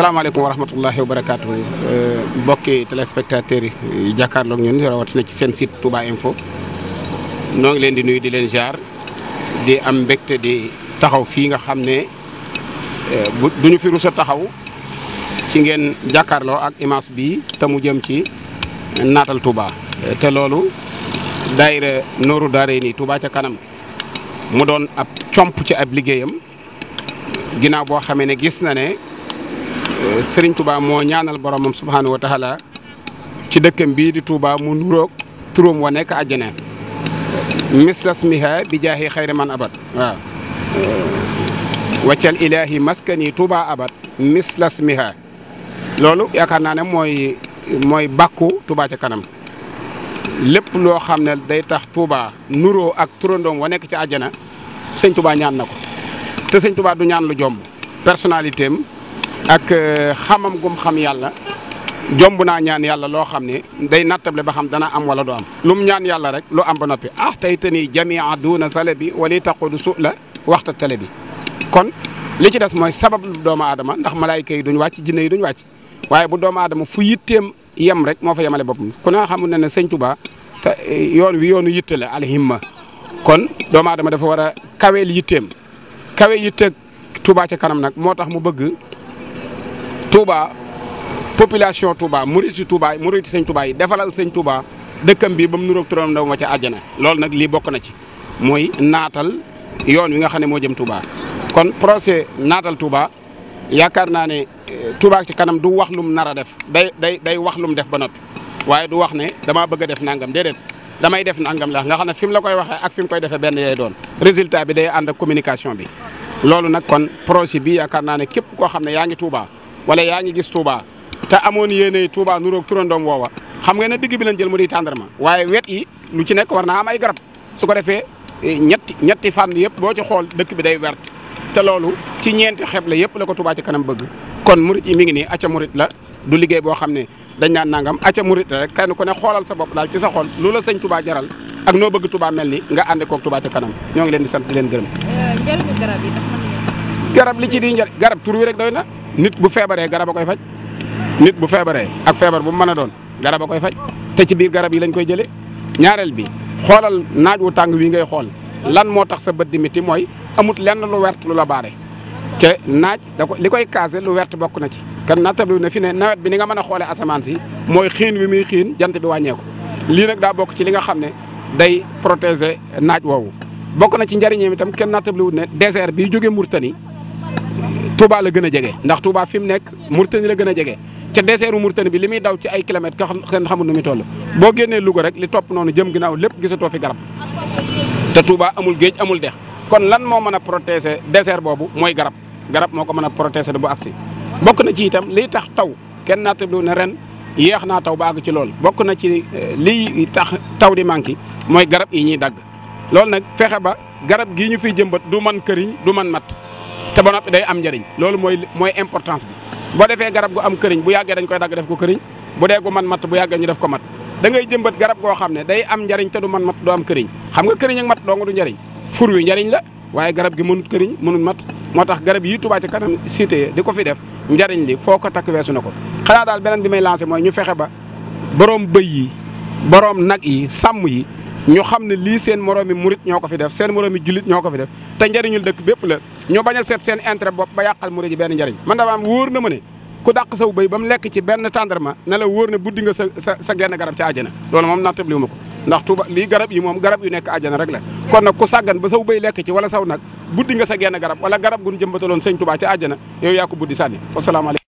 salaamaaleykum wa rahmatullahi wa barakaatu euh, mbokki téléspectateurs yi jàkkaarloog ñun rawatina ci seen site Touba Info noo ngi leen di nuyu di leen jaar di am mbégte di taxaw fii nga xam ne euh, bu duñu fi rus taxaw ci ngeen jàkkaarloo ak image bi te mu jëm ci naatal Touba te loolu daayira nooru daaree nii Touba ca kanam mu doon ab comp ci ab liggéeyam ginnaaw boo xamee ne gis na ne. seriñ Touba moo ñaanal boromam subhaanahu wa taala ci dëkkam bii di Touba mu nuroog turam wa nekk àjjana mislas miha bi jaahi xayri man abad waaw waccal ilaahi maskani tuuba abad mislas miha loolu yaakaar naa ne mooy mooy bàkku Touba ca kanam lépp loo xam ne day tax Touba nuroo ak turandoom wa nekk ci àjjana sëñ Touba ñaan na ko te sëñ Touba du ñaan lu jomb personnalité ak euh, xamam gum xam yàlla jomb na ñaan yàlla loo xam ne day le ba xam dana am wala du am lum ñaan yàlla rek loo am ba noppi ah tey te nii jamia duuna sale bi wala taqudu su la waxta tale bi kon li ci des mooy sabab lu doomu ndax malaayika yi duñ wàcc jinne yi duñ wàcc waaye bu doomu aadama fu yitteem yem rek moo fa yemale boppam ku ne xamul ne ne sëñ Tuba te eh, yoon wi yoonu yitte la alhimma kon doomu aadama dafa war a kaweel yitteem kawe Touba population Touba murit si Touba sëñ Touba yi defalal sëñ Touba dëkkam bi ba mu nuroog turam ndaw ma ca àjjana loolu nag lii bokk na ci mooy naatal yoon wi nga xam ne moo jëm Touba kon projet naatal Touba yaakaar naa ne eh, Touba ci kanam du wax lum nar a def day day day wax lum def ba noppi waaye du wax ne damaa bëgg a def nangam déedéet damay def nangam la nga xam ne fi mu la koy waxee ak fi mu koy defee benn lay doon résultat bi day ànd communication bi loolu nag kon projet bi yaakaar naa ne képp koo xam ne yaa ngi Touba. wala yaa ngi gis Touba te amoon yéene Touba nuroog turandoom woowa xam nga ne digg bi lañ jël mu di tàndarma waaye wet yi lu ci nekk war naa am ay garab su ko defee eh, ñetti ñetti fànn yëpp boo ci xool dëkk bi day wert te loolu ci ñeenti xeeb la yëpp la ko Touba ci kanam bëgg kon murit yi mi ngi nii acca murit la du liggéey boo xam ne dañ naan nangam acca murit la rek kenn ku ne xoolal sa bopp daal ci sa xol lu la sëñ Touba jaral ak noo bëgg Touba mel ni nga ànd koog Touba ci kanam ñoo ngi leen di sant di leen eh, li ci di njëriñ garab tur rek doy na nit bu feebaree garab koy faj nit bu feebaree ak feebar bu mu mën a doon garab koy faj te ci biir garab yi lañ koy jëlee ñaareel bi xoolal naaj wu tàng wi ngay xool lan moo tax sa bët di miti mooy amut lenn lu wert lu la baare te naaj da ko li koy casé lu wert bokk na ci kan nattablu na fi ne nawet bi ni nga mën a xoolee asamaan si mooy xiin wi muy jant bi wàññeeku lii nag daa bokk ci li nga xam ne day protéger naaj woowu bokk na ci njëriñam itam kenn nattablu ne désert bi jóge Murtani Touba la gën a jege ndax Touba fi mu nekk Mourtani la gën a jege ca deseeru Mourtani bi li muy daw ci ay kilomètres ka xen xamul nu muy toll boo génnee Louga rek li topp noonu jëm ginnaaw lépp gisatoo fi garab te Touba amul géej amul dex kon lan moo mën a protéger désert boobu mooy garab garab moo ko mën a protéger bu agsi bokk na ci itam li tax taw kenn bi ne ren yéex naa taw ba àgg ci lool bokk na ci eh, li tax taw di manqué mooy garab yi ñuy dagg loolu nag fexe ba garab gii ñu fi jëmbat du man këriñ du man matt te ba noppi day am njëriñ loolu mooy mooy importance bi boo defee garab gu am këriñ bu yàggee dañ koy dagg def ko këriñ bu dee gu man mat bu yàggee ñu def ko mat da ngay jëmbat garab goo xam ne day am njariñ te du man matt du am këriñ xam nga këriñ mat matt doo nga du njariñ fur wi njariñ la waaye garab gi mënut këriñ mënut mat moo tax garab yi Touba ci kanam cité di ko fi def njariñ li foo ko takk weesu na ko xanaa daal beneen bi may lancé mooy ñu fexe ba borom bëy yi borom nag yi sàmm yi ñu xam ne lii seen moroomi murit ñoo ko fi def seen moroomi jullit ñoo ko fi def te njariñul dëkk bépp la ñoo bañ a seet seen intérêt bopp ba yàqal murid yi benn njariñ man dama am na ma ne ku dàq saw béy ba mu lekk ci benn ma ne la wóor ne buddi nga sa sa sa garab ci àjjana loolu moom nattabli wu ma ko ndax tuuba lii garab yi moom garab yu nekk àjjana rek la kon nag ku sàggan ba saw béy lekk ci wala saw nag buddi sa genn garab wala garab gun jëmbataloon sëñ Tuubaa ci àjjana yow yaa ko buddi sànni